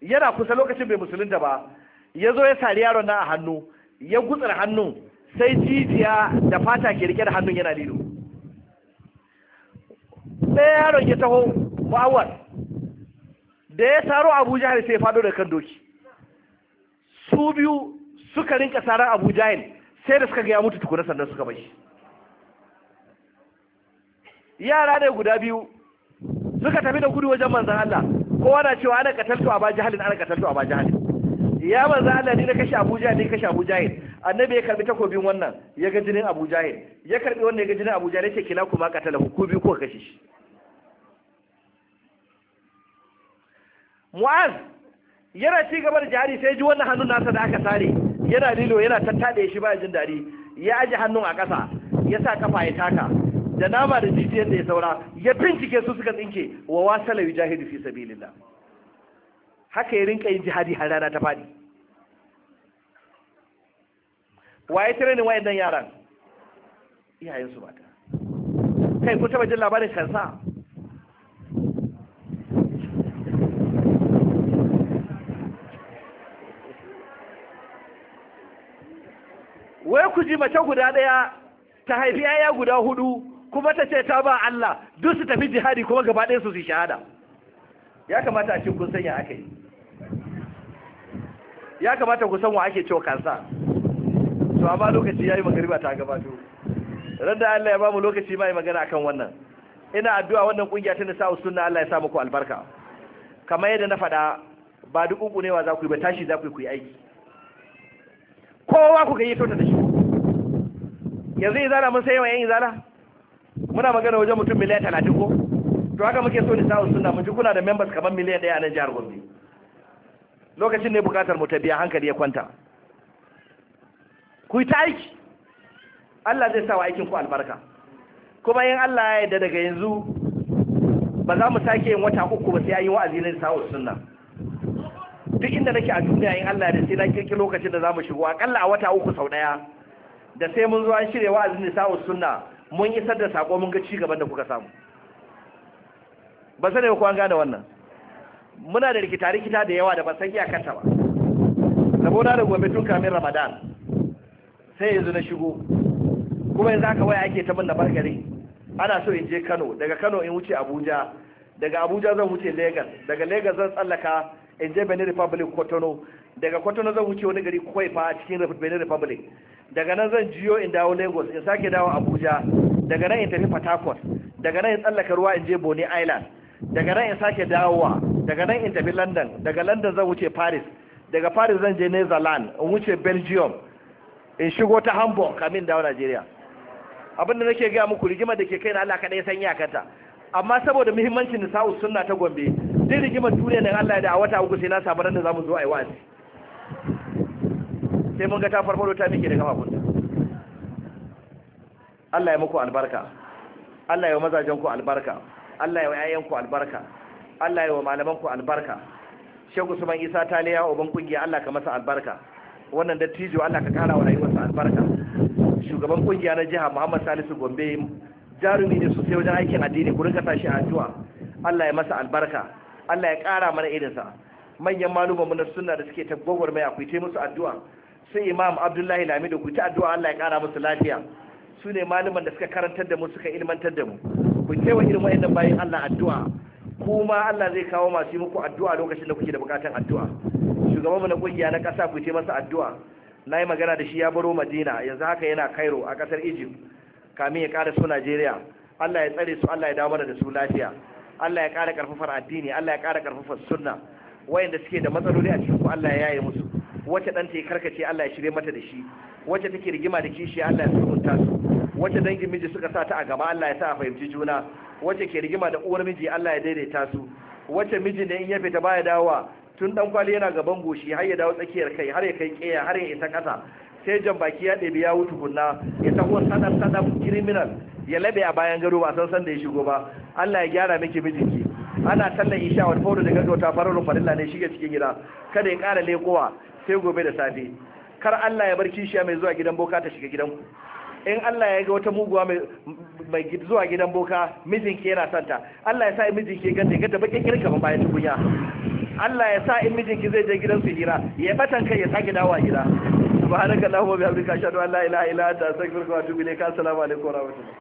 yana kusa lokacin bai musulun da ba ya zo ya sari yaron nan a hannu ya gutsar hannun sai jijiya da fata ke rike da hannun yana lilo ɗaya yaron ya taho ma'awar da ya taro abuja har sai ya fado da kan doki su biyu suka rinka sarar abuja sai da suka ga ya mutu tukuna sannan suka bai yara ne guda biyu suka tafi da gudu wajen manzan Allah kowa na cewa ana kataltu a baji halin ana kataltu a baji halin ya za Allah ne na kashe Abu Jahil ne kashe Abu Jahil annabi ya karbi takobin wannan ya ga jinin Abu Jahil ya karbi wannan ya ga jinin Abu Jahil yace kila kuma katala ku biyu ko kashe shi Mu'az yana ci gaba da jihari sai ji wannan hannun nasa da aka sare yana lilo yana tattaɗe shi ba jin dari ya aje hannun a ƙasa ya sa kafa ya taka da nama da jijiyar da ya saura ya bincike su suka tsinke wa wasala jahidi fi sabilillah haka ya rinka yin jihadi har rana ta fadi ni wa wayannan yaran iyayen su mata kai ku taba jin labarin kansa wai ku ji mace guda ɗaya ta haifi yaya guda hudu kuma ta ce ta ba Allah duk su tafi jihadi kuma gaba ɗaya su su shahada ya kamata a cikin kun sanya aka yi ya kamata ku san wa ake cewa kansa to amma lokaci yayi magariba ta gabato randa Allah ya ba mu lokaci mai magana akan wannan ina addu'a wannan kungiya ta nisa sunna Allah ya sa muku albarka kamar yadda na faɗa ba duk kunkunewa za ku yi ba tashi za ku yi aiki kowa ku ga yi tota da shi yanzu izala mun sai yawan yan izala muna magana wajen mutum miliyan talatin ko to haka muke so nisa'un suna mun ji kuna da members kamar miliyan ɗaya nan jihar gombe lokacin ne bukatar mu ta biya hankali ya kwanta ku yi ta aiki Allah zai sa wa aikin ku albarka kuma yin Allah ya yarda daga yanzu ba za mu sake yin wata uku ba sai an yi wa'azi na sa'o suna. duk inda nake a duniya yin Allah da sai na kirki lokacin da za mu shigo akalla a wata uku sau daya da sai mun zo an shirya wa'azin sa'o suna. mun yi da sako mun ga ci gaban da kuka samu ba sai da ku an gane wannan muna da rikita rikita da yawa da ba san iyakar ba saboda da gobe tun kamin Ramadan sai yanzu na shigo kuma yanzu aka waya ake ta min da bargare ana so in je Kano daga Kano in wuce Abuja daga Abuja zan wuce Lagos daga Lagos zan tsallaka in je Benin Republic Kotono daga Kotono zan wuce wani gari Kwaifa a cikin Benin Republic daga nan zan jiyo in dawo lagos in sake dawo abuja daga nan in tafi port daga nan in tsallaka ruwa in je Boni island daga nan in sake dawowa daga nan in tafi london daga london zan wuce paris daga paris zan je netherland in wuce belgium in shigo ta hamburg kamin dawo nigeria abin da nake gaya muku rigima da ke kai na allah kaɗai san iyakanta amma saboda muhimmancin nisa'u sunna ta gombe duk rigimar duniya nan allah da a wata uku sai na samu ran da za mu zo a yi wa'azi sai mun ga ta farfado ta miƙe daga makunta. Allah ya muku albarka Allah ya wa mazajen ku albarka Allah ya wa yayan ku albarka Allah ya wa malaman ku albarka Sheikh Usman Isa Taliya uban kungiya Allah ka masa albarka wannan dattijo Allah ka kara wa rayuwarsa albarka shugaban kungiya na jiha Muhammad Salisu Gombe jarumi ne sosai wajen aikin addini ku rinka tashi addu'a Allah ya masa albarka Allah ya ƙara mana irinsa manyan malumanmu na sunna da suke tabbawar mai akwai su addu'a sai imam abdullahi Lamidu ku ta addu'a Allah ya kara musu lafiya su ne malaman da suka karantar da mu suka ilmantar da mu ku taiwa irin wayannan bayin Allah addu'a kuma Allah zai kawo masu yi muku addu'a lokacin da kuke da bukatan addu'a shugabanmu na kungiya na kasa ku ce masa addu'a na yi magana da shi ya baro madina yanzu haka yana cairo a kasar egypt kamin ya kara su najeriya allah ya tsare su allah ya dawo mana da su lafiya allah ya kara karfafar addini allah ya kara karfafar sunna wayanda suke da matsaloli a cikin ku allah ya yaye musu wacce ɗanta ya karkace Allah ya shirya mata da shi wacce take rigima da kishi Allah ya sulhunta su wacce dangin miji suka sa ta a gaba Allah ya sa a fahimci juna wacce ke rigima da uwar miji Allah ya daidaita su wacce miji ne in ya fita baya dawowa tun dan kwali yana gaban goshi har ya dawo tsakiyar kai har ya kai keya har ya isa kasa sai jan baki ya ɗebi ya wuce kunna ya taho sadam sanar criminal ya labe a bayan gado ba san san da ya shigo ba Allah ya gyara miki mijinki ana talla isha wa fawru da faru da farilla ne shige cikin gida kada ya ƙara lekowa sai gobe da safe kar Allah ya bar kishiya mai zuwa gidan boka ta shiga gidanku in Allah ya ga wata muguwa mai zuwa gidan boka mijinki yana santa Allah ya sa in mijinki ya ganta ga ganta bakin kirka ban bayan tukunya Allah ya sa in mijinki zai je gidan su hira ya batan kai ya sake dawowa gida subhanakallahumma bihamdika ashhadu an la ilaha illa anta astaghfiruka wa atubu ilayka assalamu alaikum wa rahmatullahi